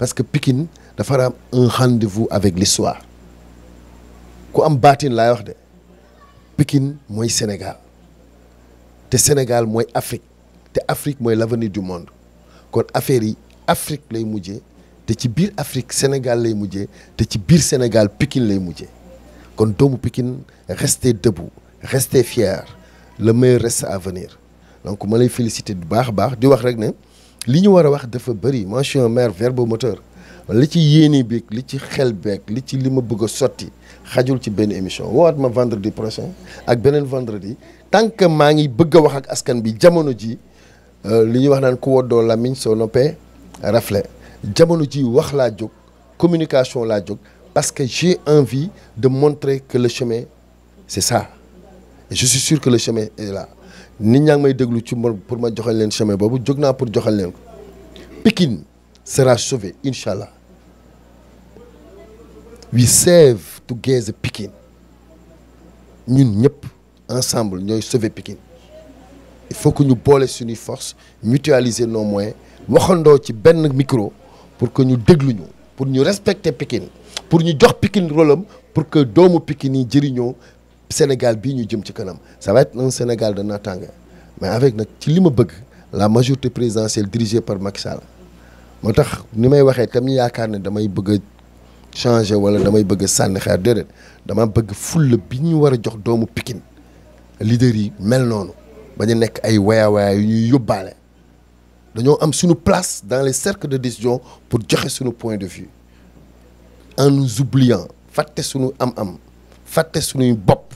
parce que Pikine da fera un rendez-vous avec l'histoire ku am baatin lay wax de Pikine moy Sénégal te Sénégal moy Afrique te Afrique moy l'avenir du monde kon affaire yi Afrique lay mujjee te ci bir Afrique Sénégal lay mujjee te ci bir Sénégal Pikine lay mujjee kon Donc Pikine restez debout restez fiers le meilleur reste à venir donc ma lay féliciter bu baax vais baax di wax rek li ñu war a wax dafa bëri moi je suis un maire verbomoteur li ci yéene beeg li ci xel beeg li ci li ma bëgg a sotti xajul ci benn émission woowaat ma vendredi prochain ak beneen vendredi tant que maa ngi bëgg a wax ak askan bi jamono ji euh, li ñuy wax naan ku woddoo lamiñ soo noppee rafle jamono ji wax laa jóg communication la jóg parce que j'ai envie de montrer que le chemin c'est ça je suis sûr que le chemin est là nit ñaa ngi may déglu ci pour ma joxal le chemin boobu jóg naa pour joxal leen ko sera sauvé incha we save together Pekin. ñun ñëpp ensemble nous sauver Pekin. il faut que ñu boole suñuy force mutualiser nos moyens waxandoo ci benn micro pour que ñu déglu ñu pour ñu respecter Pekin, pour ñu jox Pekin rôle pour que doomu Pikine nous jëriñoo Sénégal bi ñu jëm ci kanam ça va être un Sénégal de naataange mais avec nak ci lima bëgg la majorité présidentielle dirigée par Macky Sall motax ni may waxé tam ñu yaakaar né damay bëgg changer wala damay bëgg a sànni xeer dama bëgg full bi ñu wara jox doomu Pikine leader yi mel nonu baña nek ay waya waya yu ñuy yobalé dañoo am suñu place dans les cercles de décision pour joxé suñu point de vue en nous oubliant faté suñu am-am faté suñu bopp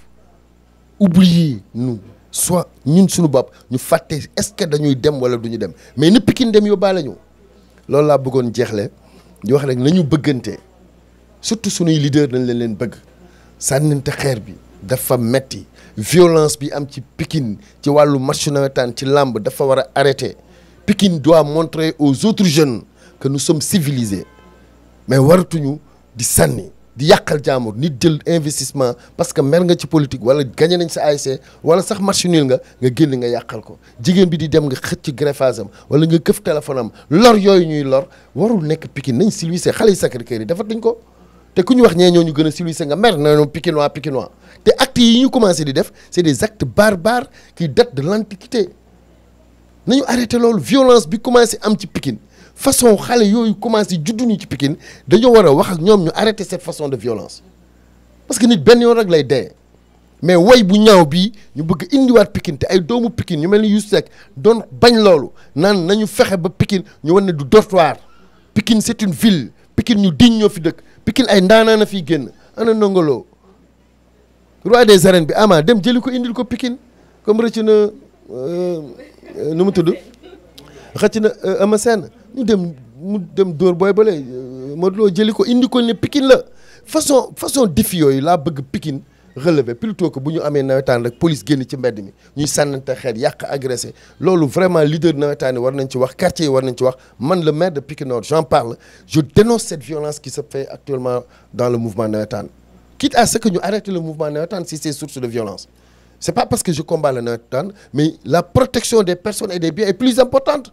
oublier nous soit ñun suñu bopp ñu fàtte est-ce que dañuy dem wala duñu dem mais ni Pikine dem yóbbaale ñu loolu laa bëggoon jeexle di wax rek nañu bëggante surtout suñuy leader dañ leen leen bëgg sànnante xeer bi dafa metti violence bi am ci Pikine ci wàllu match nawetaan ci làmb dafa war arrêter Pikine doit montrer aux autres jeunes que nous sommes civilisés mais waratuñu di sànni di yàqal jaamur nit jël investissement parce que mer nga ci politique wala gagné nañ sa ASC wala sax marché nul nga nga génn nga yàqal ko jigéen bi di dem nga xëcc ci greffage am wala nga këf téléphone am lor yooyu ñuy lor warul nekk Pikine nañ silvissé xale yi Sacré-Cœur yi defatuñ ko te ku ñu wax ñee ñooñu gën a silvissé nga mer nañu pikinois pikinois te actes yi ñu commencé di def c'est des actes barbares qui datent de l'antiquité nañu arrêté loolu violence bi commencé am ci Pikine façon xalé yooyu commencé juddu ni ci Pikine dañu wara wax ak ñom ñu arrêter cette façon de violence parce que nit ben yoon rek lay dé mais way bu ñaaw bi ñu bëgg indiwaat Pikine té ay doomu Pikine ñu melni ni Youssou Seck bañ lolu nan nañu fexé ba Pikine ñu wone du dortoir Pikine c'est une ville Pikine ñu diñ ñoo fi dëkk Pikine ay ndana na fi génn ana ndongoloo roi des arènes bi ama dem jëliko ko indil ko Pikine comme rëcc euh, euh nu mu tudd xëcc na ama euh, sen nous dem mu dem dóor booy bële euh, Modou nous indi ko ne Pikine la façon façon défi yoy la bëgg Pikine relever plutôt que buñu nous amee nawetaan rek police génn ci mbedd mi ñuy sànnante xéet yàq agressé lolu vraiment leader de la war nañ ci wax quartier war nañ ci wax man le maire de Pikine Nord j'en parle je dénonce cette violence qui se fait actuellement dans le mouvement nawetaan quitte à ce que ñu arrêtions le mouvement nawetaan si c'est source de violence c'est pas parce que je combats le nawetaan mais la protection des personnes et des biens est plus importante